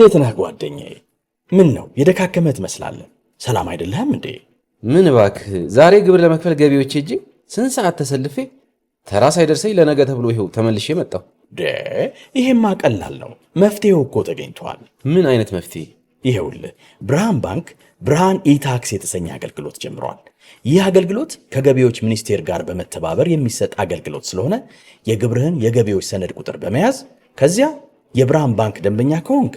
እንዴት ነህ ጓደኛዬ? ምን ነው የደካከመ ትመስላለህ። ሰላም አይደለህም እንዴ? ምን እባክህ፣ ዛሬ ግብር ለመክፈል ገቢዎች ሄጄ ስንት ሰዓት ተሰልፌ ተራ ሳይደርሰኝ ለነገ ተብሎ ይኸው ተመልሼ መጣሁ። ይሄማ ቀላል ነው፣ መፍትሄው እኮ ተገኝቷል። ምን አይነት መፍትሄ? ይኸውልህ ብርሃን ባንክ ብርሃን ኢታክስ የተሰኘ አገልግሎት ጀምሯል። ይህ አገልግሎት ከገቢዎች ሚኒስቴር ጋር በመተባበር የሚሰጥ አገልግሎት ስለሆነ የግብርህን የገቢዎች ሰነድ ቁጥር በመያዝ ከዚያ የብርሃን ባንክ ደንበኛ ከሆንክ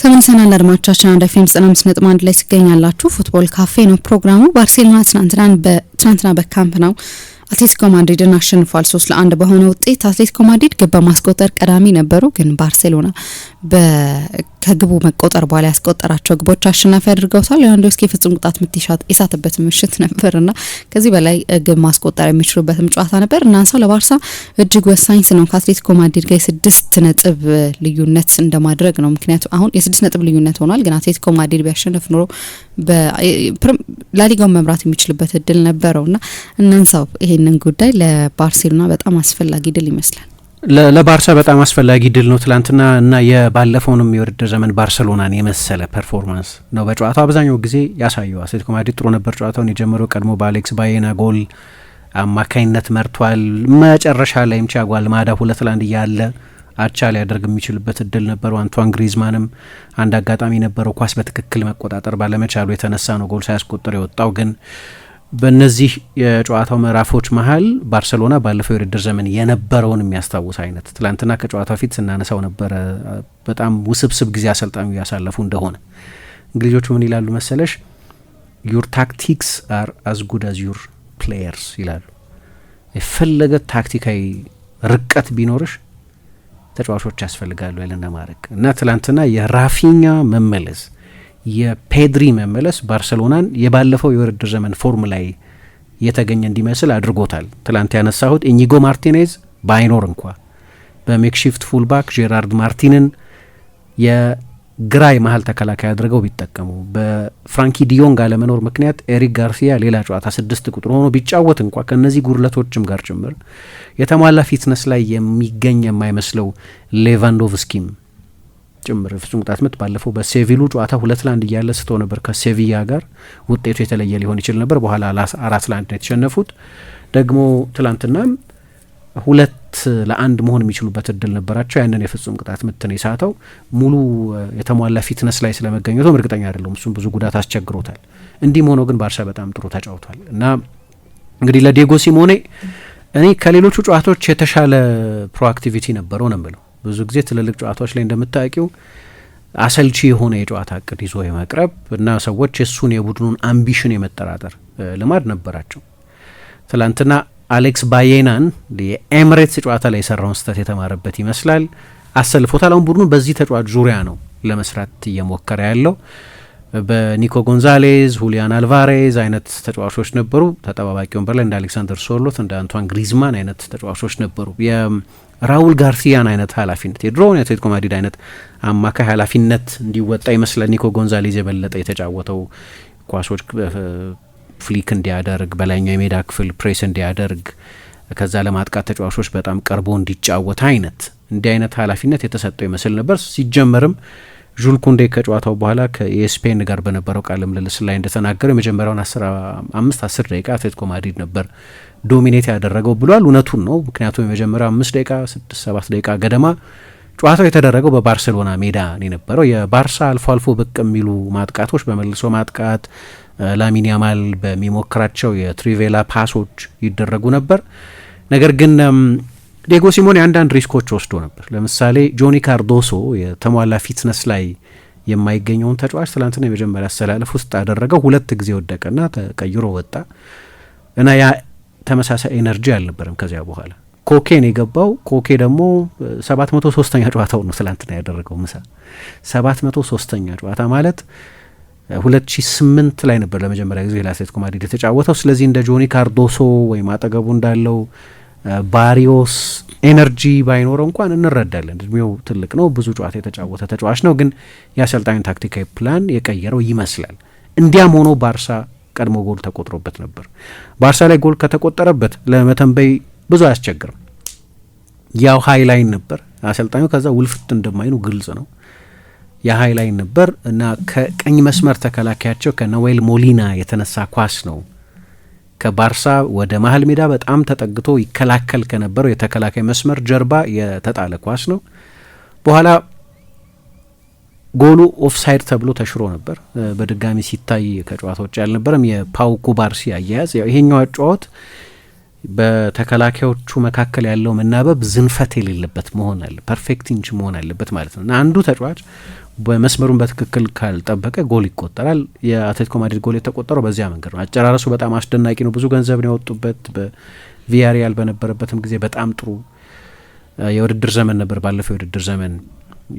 ተመልሰናል ሰና አድማጮቻችን አንድ ኤፍኤም ዘጠና አምስት ነጥብ አንድ ላይ ትገኛላችሁ። ፉትቦል ካፌ ነው ፕሮግራሙ። ባርሴሎና ትናንትና በካምፕ ነው አትሌቲኮ ማድሪድን አሸንፏል። ሶስት ለአንድ በሆነ ውጤት አትሌቲኮ ማድሪድ ግብ በማስቆጠር ቀዳሚ ነበሩ፣ ግን ባርሴሎና በ ከግቡ መቆጠር በኋላ ያስቆጠራቸው ግቦች አሸናፊ አድርገውታል። ሌዋንዶስኪ የፍጹም ቅጣት ምትሻት የሳተበት ምሽት ነበር እና ከዚህ በላይ ግብ ማስቆጠር የሚችሉበትም ጨዋታ ነበር። እናንሳው ለባርሳ እጅግ ወሳኝ ስነው ከአትሌቲኮ ማድሪድ ጋር የስድስት ነጥብ ልዩነት እንደማድረግ ነው። ምክንያቱም አሁን የስድስት ነጥብ ልዩነት ሆኗል። ግን አትሌቲኮ ማድሪድ ቢያሸንፍ ኖሮ ላሊጋውን መምራት የሚችልበት እድል ነበረው እና እናንሳው ይሄንን ጉዳይ ለባርሴሎና በጣም አስፈላጊ ድል ይመስላል። ለባርሳ በጣም አስፈላጊ ድል ነው ትላንትና እና የባለፈውንም የውድድር ዘመን ባርሰሎናን የመሰለ ፐርፎርማንስ ነው በጨዋታው አብዛኛው ጊዜ ያሳየው። አትሌቲኮ ማድሪድ ጥሩ ነበር ጨዋታውን የጀመረው ቀድሞ በአሌክስ ባየና ጎል አማካኝነት መርቷል። መጨረሻ ላይም ቲያጎ አልማዳ ሁለት ለአንድ እያለ አቻ ሊያደርግ የሚችልበት እድል ነበረው። አንቷን ግሪዝማንም አንድ አጋጣሚ ነበረው ኳስ በትክክል መቆጣጠር ባለመቻሉ የተነሳ ነው ጎል ሳያስቆጥር የወጣው ግን በእነዚህ የጨዋታው ምዕራፎች መሀል ባርሰሎና ባለፈው የውድድር ዘመን የነበረውን የሚያስታውስ አይነት ትላንትና ከጨዋታ ፊት ስናነሳው ነበረ። በጣም ውስብስብ ጊዜ አሰልጣኙ ያሳለፉ እንደሆነ እንግሊዞቹ ምን ይላሉ መሰለሽ? ዩር ታክቲክስ አር አዝ ጉድ አዝ ዩር ፕሌየርስ ይላሉ። የፈለገ ታክቲካዊ ርቀት ቢኖርሽ ተጫዋቾች ያስፈልጋሉ ያለና ማድረግ እና ትላንትና የራፊኛ መመለስ የፔድሪ መመለስ ባርሰሎናን የባለፈው የውድድር ዘመን ፎርም ላይ የተገኘ እንዲመስል አድርጎታል። ትላንት ያነሳሁት ኢኒጎ ማርቲኔዝ ባይኖር እንኳ በሜክሺፍት ፉልባክ ጄራርድ ማርቲንን የግራ የመሀል ተከላካይ አድርገው ቢጠቀሙ በፍራንኪ ዲዮንግ አለመኖር ምክንያት ኤሪክ ጋርሲያ ሌላ ጨዋታ ስድስት ቁጥር ሆኖ ቢጫወት እንኳ ከእነዚህ ጉድለቶችም ጋር ጭምር የተሟላ ፊትነስ ላይ የሚገኝ የማይመስለው ሌቫንዶቭስኪም ጭምር ፍጹም ቅጣት ምት ባለፈው በሴቪሉ ጨዋታ ሁለት ለአንድ እያለ ስተው ነበር ከሴቪያ ጋር ውጤቱ የተለየ ሊሆን ይችል ነበር። በኋላ አራት ለአንድ ነው የተሸነፉት። ደግሞ ትላንትናም ሁለት ለአንድ መሆን የሚችሉበት እድል ነበራቸው። ያንን የፍጹም ቅጣት ምት ነው የሳተው። ሙሉ የተሟላ ፊትነስ ላይ ስለመገኘቱም እርግጠኛ አይደለሁም። እሱም ብዙ ጉዳት አስቸግሮታል። እንዲህም ሆኖ ግን ባርሳ በጣም ጥሩ ተጫውቷል እና እንግዲህ ለዲየጎ ሲሞኔ እኔ ከሌሎቹ ጨዋታዎች የተሻለ ፕሮአክቲቪቲ ነበረው ነው የምለው ብዙ ጊዜ ትልልቅ ጨዋታዎች ላይ እንደምታውቂው አሰልቺ የሆነ የጨዋታ እቅድ ይዞ የመቅረብ እና ሰዎች የእሱን የቡድኑን አምቢሽን የመጠራጠር ልማድ ነበራቸው። ትላንትና አሌክስ ባዬናን የኤምሬትስ ጨዋታ ላይ የሰራውን ስህተት የተማረበት ይመስላል። አሰልፎታል። አሁን ቡድኑ በዚህ ተጫዋች ዙሪያ ነው ለመስራት እየሞከረ ያለው። በኒኮ ጎንዛሌዝ፣ ሁሊያን አልቫሬዝ አይነት ተጫዋቾች ነበሩ ተጠባባቂ ወንበር ላይ እንደ አሌክሳንደር ሶሎት እንደ አንቷን ግሪዝማን አይነት ተጫዋቾች ነበሩ። ራውል ጋርሲያን አይነት ኃላፊነት የድሮውን የአትሌቲኮ ማድሪድ አይነት አማካይ ኃላፊነት እንዲወጣ ይመስላል። ኒኮ ጎንዛሌዝ የበለጠ የተጫወተው ኳሶች ፍሊክ እንዲያደርግ በላይኛው የሜዳ ክፍል ፕሬስ እንዲያደርግ ከዛ ለማጥቃት ተጫዋቾች በጣም ቀርቦ እንዲጫወት አይነት እንዲህ አይነት ኃላፊነት የተሰጠው ይመስል ነበር። ሲጀመርም ዡል ኩንዴ ከጨዋታው በኋላ ከኤስፔን ጋር በነበረው ቃለ ምልልስ ላይ እንደተናገረው የመጀመሪያውን አምስት አስር ደቂቃ አትሌቲኮ ማድሪድ ነበር ዶሚኔት ያደረገው ብሏል። እውነቱን ነው። ምክንያቱም የመጀመሪያው አምስት ደቂቃ ስድስት ሰባት ደቂቃ ገደማ ጨዋታው የተደረገው በባርሴሎና ሜዳ ነው የነበረው። የባርሳ አልፎ አልፎ ብቅ የሚሉ ማጥቃቶች በመልሶ ማጥቃት ላሚን ያማል በሚሞክራቸው የትሪቬላ ፓሶች ይደረጉ ነበር። ነገር ግን ዴጎ ሲሞኔ አንዳንድ ሪስኮች ወስዶ ነበር። ለምሳሌ ጆኒ ካርዶሶ የተሟላ ፊትነስ ላይ የማይገኘውን ተጫዋች ትላንትና የመጀመሪያ አሰላለፍ ውስጥ አደረገው። ሁለት ጊዜ ወደቀና ተቀይሮ ወጣ እና ያ ተመሳሳይ ኤነርጂ አልነበረም። ከዚያ በኋላ ኮኬን የገባው ኮኬ ደግሞ ሰባት መቶ ሶስተኛ ጨዋታው ነው ትላንትና ያደረገው ምሳ ሰባት መቶ ሶስተኛ ጨዋታ ማለት ሁለት ሺ ስምንት ላይ ነበር ለመጀመሪያ ጊዜ ለአትሌቲኮ ማድሪድ የተጫወተው። ስለዚህ እንደ ጆኒ ካርዶሶ ወይም አጠገቡ እንዳለው ባሪዮስ ኤነርጂ ባይኖረው እንኳን እንረዳለን። እድሜው ትልቅ ነው፣ ብዙ ጨዋታ የተጫወተ ተጫዋች ነው። ግን የአሰልጣኙን ታክቲካዊ ፕላን የቀየረው ይመስላል። እንዲያም ሆኖ ባርሳ ቀድሞ ጎል ተቆጥሮበት ነበር። ባርሳ ላይ ጎል ከተቆጠረበት ለመተንበይ ብዙ አያስቸግርም። ያው ሀይ ነበር አሰልጣኙ። ከዛ ውልፍት እንደማይኑ ግልጽ ነው። የሀይ ላይን ነበር እና ከቀኝ መስመር ተከላካያቸው ከነዌል ሞሊና የተነሳ ኳስ ነው ከባርሳ ወደ መሀል ሜዳ በጣም ተጠግቶ ይከላከል ከነበረው የተከላካይ መስመር ጀርባ የተጣለ ኳስ ነው። በኋላ ጎሉ ኦፍሳይድ ተብሎ ተሽሮ ነበር። በድጋሚ ሲታይ ከጨዋታ ውጭ አልነበረም። የፓው ኩባርሲ አያያዝ ያው ይሄኛው ጨዋት በተከላካዮቹ መካከል ያለው መናበብ ዝንፈት የሌለበት መሆን አለ ፐርፌክት ኢንች መሆን አለበት ማለት ነው እና አንዱ ተጫዋች በመስመሩን በትክክል ካልጠበቀ ጎል ይቆጠራል። የአትሌቲኮ ማድሪድ ጎል የተቆጠረው በዚያ መንገድ ነው። አጨራረሱ በጣም አስደናቂ ነው። ብዙ ገንዘብ ነው ያወጡበት። በቪያሪያል በነበረበትም ጊዜ በጣም ጥሩ የውድድር ዘመን ነበር ባለፈው የውድድር ዘመን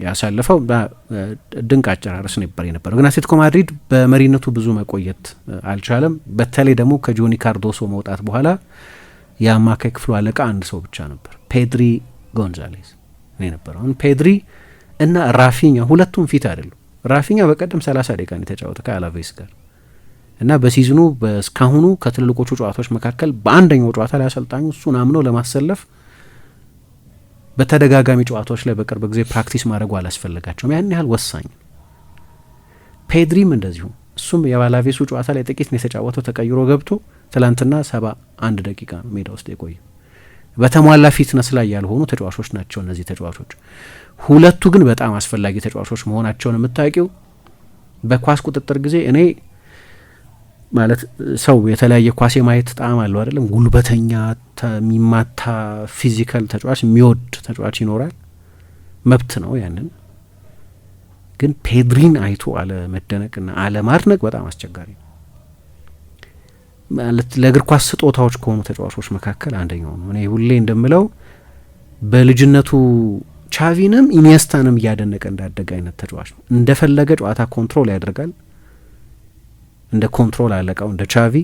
ያሳለፈው ድንቅ አጨራረስ ነበር የነበረው። ግን አትሌቲኮ ማድሪድ በመሪነቱ ብዙ መቆየት አልቻለም። በተለይ ደግሞ ከጆኒ ካርዶሶ መውጣት በኋላ የአማካይ ክፍሉ አለቃ አንድ ሰው ብቻ ነበር፣ ፔድሪ ጎንዛሌዝ ነው የነበረው። አሁን ፔድሪ እና ራፊኛ ሁለቱም ፊት አይደሉም። ራፊኛ በቀደም 30 ደቂቃ ነው የተጫወተ ከአላቬስ ጋር እና በሲዝኑ እስካሁኑ ከትልልቆቹ ጨዋታዎች መካከል በአንደኛው ጨዋታ ላይ አሰልጣኙ እሱን አምነው ለማሰለፍ በተደጋጋሚ ጨዋታዎች ላይ በቅርብ ጊዜ ፕራክቲስ ማድረጉ አላስፈለጋቸውም። ያን ያህል ወሳኝ ነው። ፔድሪም እንደዚሁ እሱም የባላቬሱ ጨዋታ ላይ ጥቂት ነው የተጫወተው ተቀይሮ ገብቶ ትላንትና ሰባ አንድ ደቂቃ ነው ሜዳ ውስጥ የቆየ። በተሟላ ፊትነስ ላይ ያልሆኑ ተጫዋቾች ናቸው እነዚህ ተጫዋቾች። ሁለቱ ግን በጣም አስፈላጊ ተጫዋቾች መሆናቸውን የምታውቂው በኳስ ቁጥጥር ጊዜ እኔ ማለት ሰው የተለያየ ኳስ ማየት ጣዕም አለው አይደለም። ጉልበተኛ የሚማታ ፊዚካል ተጫዋች የሚወድ ተጫዋች ይኖራል፣ መብት ነው ያንን። ግን ፔድሪን አይቶ አለመደነቅና አለማድነቅ በጣም አስቸጋሪ ነው። ማለት ለእግር ኳስ ስጦታዎች ከሆኑ ተጫዋቾች መካከል አንደኛው ነው። እኔ ሁሌ እንደምለው በልጅነቱ ቻቪንም ኢኒየስታንም እያደነቀ እንዳደገ አይነት ተጫዋች ነው። እንደፈለገ ጨዋታ ኮንትሮል ያደርጋል እንደ ኮንትሮል አለቃው እንደ ቻቪ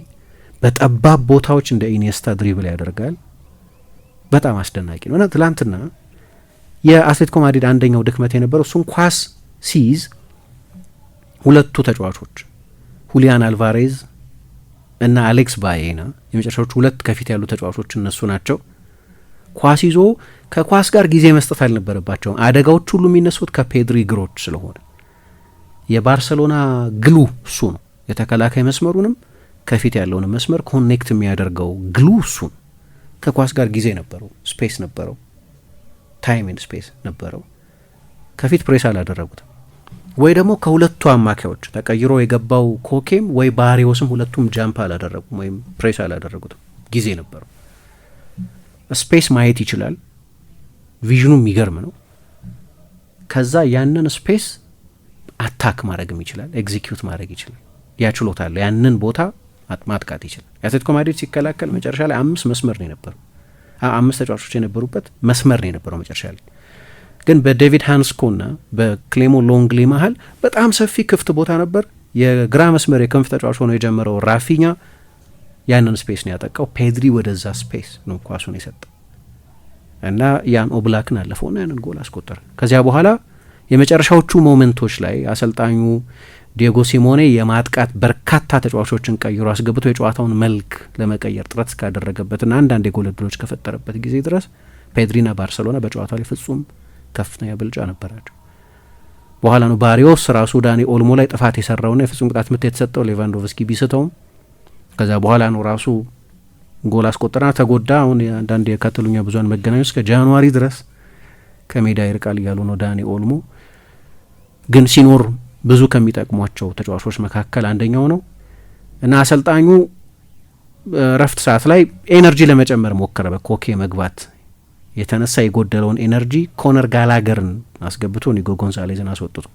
በጠባብ ቦታዎች እንደ ኢኒየስታ ድሪብል ያደርጋል። በጣም አስደናቂ ነው እና ትላንትና የአትሌቲኮ ማድሪድ አንደኛው ድክመት የነበረው እሱን ኳስ ሲይዝ ሁለቱ ተጫዋቾች ሁሊያን አልቫሬዝ እና አሌክስ ባዬና የመጨረሻዎቹ ሁለት ከፊት ያሉ ተጫዋቾች እነሱ ናቸው። ኳስ ይዞ ከኳስ ጋር ጊዜ መስጠት አልነበረባቸውም። አደጋዎች ሁሉ የሚነሱት ከፔድሪ እግሮች ስለሆነ የባርሰሎና ግሉ እሱ ነው። የተከላካይ መስመሩንም ከፊት ያለውን መስመር ኮኔክት የሚያደርገው ግሉ እሱን ከኳስ ጋር ጊዜ ነበረው፣ ስፔስ ነበረው፣ ታይም ኤንድ ስፔስ ነበረው። ከፊት ፕሬስ አላደረጉትም ወይ ደግሞ ከሁለቱ አማካዮች ተቀይሮ የገባው ኮኬም ወይ ባሪዎስም ሁለቱም ጃምፕ አላደረጉም ወይም ፕሬስ አላደረጉትም። ጊዜ ነበረው፣ ስፔስ ማየት ይችላል። ቪዥኑ የሚገርም ነው። ከዛ ያንን ስፔስ አታክ ማድረግም ይችላል፣ ኤግዚኪዩት ማድረግ ይችላል። ያ ችሎታ ያንን ቦታ ማጥቃት ይችላል። የአትሌቲኮ ማድሪድ ሲከላከል መጨረሻ ላይ አምስት መስመር ነው የነበሩ አምስት ተጫዋቾች የነበሩበት መስመር ነው የነበረው መጨረሻ ላይ ግን በዴቪድ ሃንስኮ እና በክሌሞ ሎንግሊ መሀል በጣም ሰፊ ክፍት ቦታ ነበር። የግራ መስመር የክንፍ ተጫዋች ሆኖ የጀመረው ራፊኛ ያንን ስፔስ ነው ያጠቃው። ፔድሪ ወደዛ ስፔስ ነው ኳሱን የሰጠ እና ያን ኦብላክን አለፈውና ያንን ጎል አስቆጠረ። ከዚያ በኋላ የመጨረሻዎቹ ሞመንቶች ላይ አሰልጣኙ ዲየጎ ሲሞኔ የማጥቃት በርካታ ተጫዋቾችን ቀይሮ አስገብቶ የጨዋታውን መልክ ለመቀየር ጥረት እስካደረገበትና አንዳንድ የጎል እድሎች ከፈጠረበት ጊዜ ድረስ ፔድሪና ባርሰሎና በጨዋታው ላይ ፍጹም ከፍተኛ ብልጫ ነበራቸው። በኋላ ነው ባሪዮስ ራሱ ዳኒ ኦልሞ ላይ ጥፋት የሰራውና የፍጹም ቅጣት ምት የተሰጠው ሌቫንዶቭስኪ ቢስተውም ከዚያ በኋላ ነው ራሱ ጎል አስቆጠረና ተጎዳ። አሁን አንዳንድ የካታሎኛ ብዙሃን መገናኞች እስከ ጃንዋሪ ድረስ ከሜዳ ይርቃል እያሉ ነው ዳኒ ኦልሞ ግን ሲኖር ብዙ ከሚጠቅሟቸው ተጫዋቾች መካከል አንደኛው ነው እና አሰልጣኙ ረፍት ሰዓት ላይ ኤነርጂ ለመጨመር ሞከረ። በኮኬ መግባት የተነሳ የጎደለውን ኤነርጂ ኮነር ጋላገርን አስገብቶ ኒጎ ጎንዛሌዝን አስወጥቶ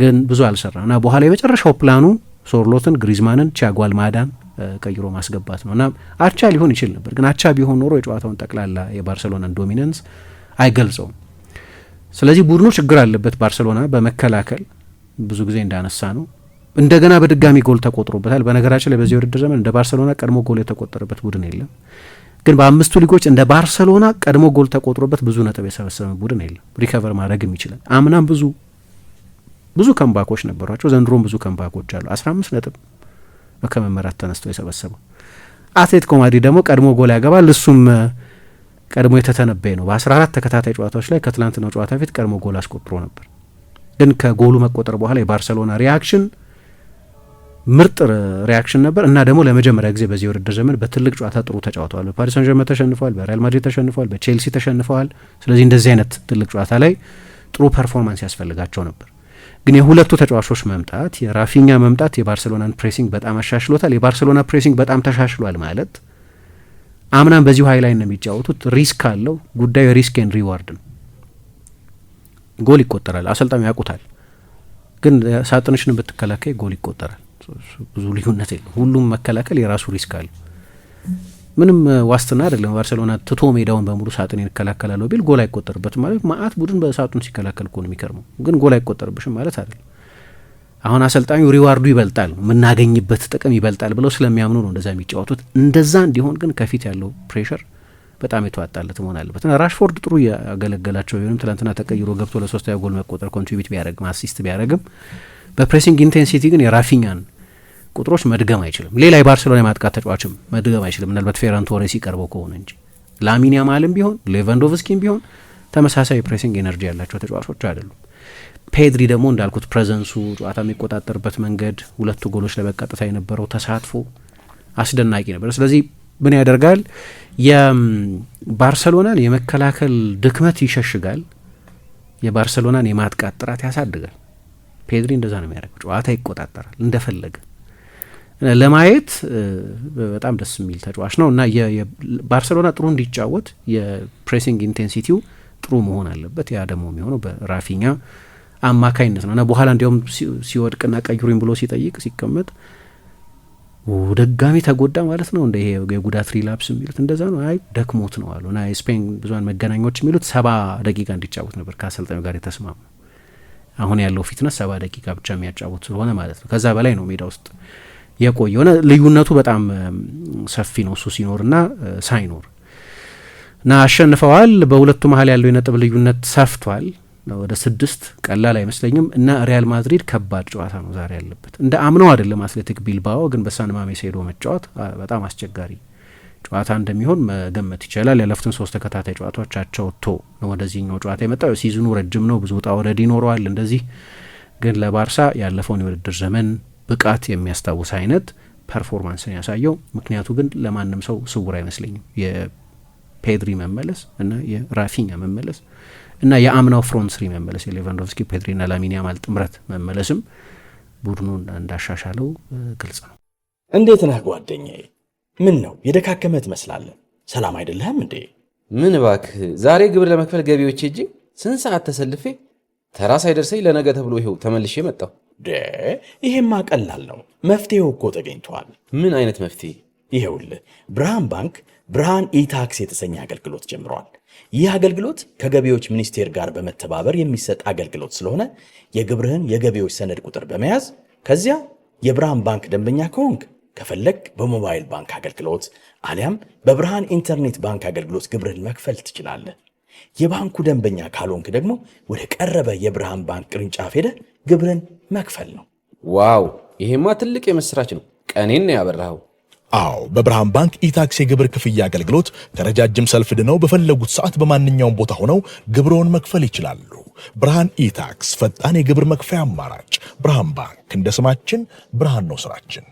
ግን ብዙ አልሰራ እና በኋላ የመጨረሻው ፕላኑ ሶርሎትን፣ ግሪዝማንን፣ ቲያጎ አልማዳን ቀይሮ ማስገባት ነው እና አቻ ሊሆን ይችል ነበር። ግን አቻ ቢሆን ኖሮ የጨዋታውን ጠቅላላ የባርሰሎናን ዶሚነንስ አይገልጸውም። ስለዚህ ቡድኑ ችግር አለበት ባርሰሎና በመከላከል ብዙ ጊዜ እንዳነሳ ነው። እንደገና በድጋሚ ጎል ተቆጥሮበታል። በነገራችን ላይ በዚህ ውድድር ዘመን እንደ ባርሰሎና ቀድሞ ጎል የተቆጠረበት ቡድን የለም። ግን በአምስቱ ሊጎች እንደ ባርሰሎና ቀድሞ ጎል ተቆጥሮበት ብዙ ነጥብ የሰበሰበ ቡድን የለም። ሪከቨር ማድረግም ይችላል። አምናም ብዙ ብዙ ከምባኮች ነበሯቸው። ዘንድሮም ብዙ ከምባኮች አሉ። አስራ አምስት ነጥብ ከመመራት ተነስቶ የሰበሰበው አትሌቲኮ ማድሪድ ደግሞ ቀድሞ ጎል ያገባል። እሱም ቀድሞ የተተነበየ ነው። በአስራ አራት ተከታታይ ጨዋታዎች ላይ ከትላንትናው ጨዋታ ፊት ቀድሞ ጎል አስቆጥሮ ነበር። ግን ከጎሉ መቆጠር በኋላ የባርሰሎና ሪያክሽን ምርጥ ሪያክሽን ነበር እና ደግሞ ለመጀመሪያ ጊዜ በዚህ ውድድር ዘመን በትልቅ ጨዋታ ጥሩ ተጫውተዋል። በፓሪስ ሳን ተሸንፈዋል፣ በሪያል ማድሪድ ተሸንፈዋል፣ በቼልሲ ተሸንፈዋል። ስለዚህ እንደዚህ አይነት ትልቅ ጨዋታ ላይ ጥሩ ፐርፎርማንስ ያስፈልጋቸው ነበር። ግን የሁለቱ ተጫዋቾች መምጣት፣ የራፊኛ መምጣት የባርሰሎናን ፕሬሲንግ በጣም አሻሽሎታል። የባርሰሎና ፕሬሲንግ በጣም ተሻሽሏል ማለት አምናም በዚሁ ሀይ ላይ ነው የሚጫወቱት። ሪስክ አለው ጉዳዩ ሪስክ ኤንድ ሪዋርድ ነው። ጎል ይቆጠራል። አሰልጣኙ ያውቁታል፣ ግን ሳጥንሽን ብትከላከይ ጎል ይቆጠራል። ብዙ ልዩነት የለም። ሁሉም መከላከል የራሱ ሪስክ አለው። ምንም ዋስትና አይደለም። ባርሴሎና ትቶ ሜዳውን በሙሉ ሳጥን ይከላከላለሁ ቢል ጎል አይቆጠርበት ማለት ማአት ቡድን በሳጥን ሲከላከል ኮን የሚከርመው ግን ጎል አይቆጠርብሽም ማለት አይደለም። አሁን አሰልጣኙ ሪዋርዱ ይበልጣል፣ የምናገኝበት ጥቅም ይበልጣል ብለው ስለሚያምኑ ነው እንደዛ የሚጫወቱት። እንደዛ እንዲሆን ግን ከፊት ያለው ፕሬሽር በጣም የተዋጣለት መሆን አለበት እና ራሽፎርድ ጥሩ እያገለገላቸው ቢሆንም ትናንትና ተቀይሮ ገብቶ ለሶስተኛ ጎል መቆጠር ኮንትሪቢት ቢያደረግም አሲስት ቢያደረግም በፕሬሲንግ ኢንቴንሲቲ ግን የራፊኛን ቁጥሮች መድገም አይችልም። ሌላ የባርሴሎና የማጥቃት ተጫዋችም መድገም አይችልም፣ ምናልባት ፌራን ቶሬስ ሲቀርበው ከሆነ እንጂ ላሚን ያማልም ቢሆን ሌቫንዶቭስኪም ቢሆን ተመሳሳይ የፕሬሲንግ ኤነርጂ ያላቸው ተጫዋቾች አይደሉም። ፔድሪ ደግሞ እንዳልኩት ፕሬዘንሱ፣ ጨዋታ የሚቆጣጠርበት መንገድ፣ ሁለቱ ጎሎች ላይ የነበረው ተሳትፎ አስደናቂ ነበር። ስለዚህ ምን ያደርጋል የባርሰሎናን የመከላከል ድክመት ይሸሽጋል፣ የባርሰሎናን የማጥቃት ጥራት ያሳድጋል። ፔድሪ እንደዛ ነው የሚያደርገው። ጨዋታ ይቆጣጠራል እንደፈለገ ለማየት በጣም ደስ የሚል ተጫዋች ነው እና ባርሰሎና ጥሩ እንዲጫወት የፕሬሲንግ ኢንቴንሲቲው ጥሩ መሆን አለበት። ያ ደግሞ የሚሆነው በራፊኛ አማካኝነት ነው እና በኋላ እንዲያውም ሲወድቅና ቀይሩኝ ብሎ ሲጠይቅ ሲቀመጥ ደጋሚ ተጎዳ ማለት ነው። እንደ ይሄ የጉዳት ሪላፕስ የሚሉት እንደዛ ነው። አይ ደክሞት ነው አሉ እና የስፔን ብዙሀን መገናኛዎች የሚሉት ሰባ ደቂቃ እንዲጫወት ነበር ከአሰልጣኙ ጋር የተስማሙ። አሁን ያለው ፊትነስ ሰባ ደቂቃ ብቻ የሚያጫወት ስለሆነ ማለት ነው። ከዛ በላይ ነው ሜዳ ውስጥ የቆየው ሆነ። ልዩነቱ በጣም ሰፊ ነው እሱ ሲኖርና ሳይኖር እና አሸንፈዋል። በሁለቱ መሀል ያለው የነጥብ ልዩነት ሰፍቷል። ወደ ስድስት ቀላል አይመስለኝም። እና ሪያል ማድሪድ ከባድ ጨዋታ ነው ዛሬ ያለበት። እንደ አምነው አይደለም አትሌቲክ ቢልባኦ፣ ግን በሳን ማሜስ ሄዶ መጫወት በጣም አስቸጋሪ ጨዋታ እንደሚሆን መገመት ይቻላል። ያለፉትን ሶስት ተከታታይ ጨዋታዎች ቶ ነው ወደዚህኛው ጨዋታ የመጣው። ሲዝኑ ረጅም ነው፣ ብዙ ውጣ ውረድ ይኖረዋል። እንደዚህ ግን ለባርሳ ያለፈውን የውድድር ዘመን ብቃት የሚያስታውስ አይነት ፐርፎርማንስን ያሳየው። ምክንያቱ ግን ለማንም ሰው ስውር አይመስለኝም የፔድሪ መመለስ እና የራፊኛ መመለስ እና የአምናው ፍሮንት ስሪ መመለስ የሌቫንዶቭስኪ ፔድሪና ላሚን ያማል ጥምረት መመለስም ቡድኑን እንዳሻሻለው ግልጽ ነው። እንዴት ነህ ጓደኛዬ? ምን ነው የደካከመ ትመስላለን። ሰላም አይደለህም እንዴ? ምን እባክህ፣ ዛሬ ግብር ለመክፈል ገቢዎች እጅ ስንት ሰዓት ተሰልፌ ተራ ሳይደርሰኝ ለነገ ተብሎ ይሄው ተመልሼ መጣሁ። ይሄማ ቀላል ነው። መፍትሄው እኮ ተገኝቷል። ምን አይነት መፍትሄ? ይሄውልህ ብርሃን ባንክ ብርሃን ኢታክስ የተሰኘ አገልግሎት ጀምሯል። ይህ አገልግሎት ከገቢዎች ሚኒስቴር ጋር በመተባበር የሚሰጥ አገልግሎት ስለሆነ የግብርህን የገቢዎች ሰነድ ቁጥር በመያዝ ከዚያ የብርሃን ባንክ ደንበኛ ከሆንክ ከፈለግ በሞባይል ባንክ አገልግሎት አሊያም በብርሃን ኢንተርኔት ባንክ አገልግሎት ግብርህን መክፈል ትችላለህ። የባንኩ ደንበኛ ካልሆንክ ደግሞ ወደ ቀረበ የብርሃን ባንክ ቅርንጫፍ ሄደ ግብርን መክፈል ነው። ዋው! ይሄማ ትልቅ የምሥራች ነው። ቀኔን ነው ያበራኸው። አዎ በብርሃን ባንክ ኢታክስ የግብር ክፍያ አገልግሎት ከረጃጅም ሰልፍ ድነው በፈለጉት ሰዓት በማንኛውም ቦታ ሆነው ግብርዎን መክፈል ይችላሉ። ብርሃን ኢታክስ፣ ፈጣን የግብር መክፈያ አማራጭ። ብርሃን ባንክ፣ እንደ ስማችን ብርሃን ነው ስራችን።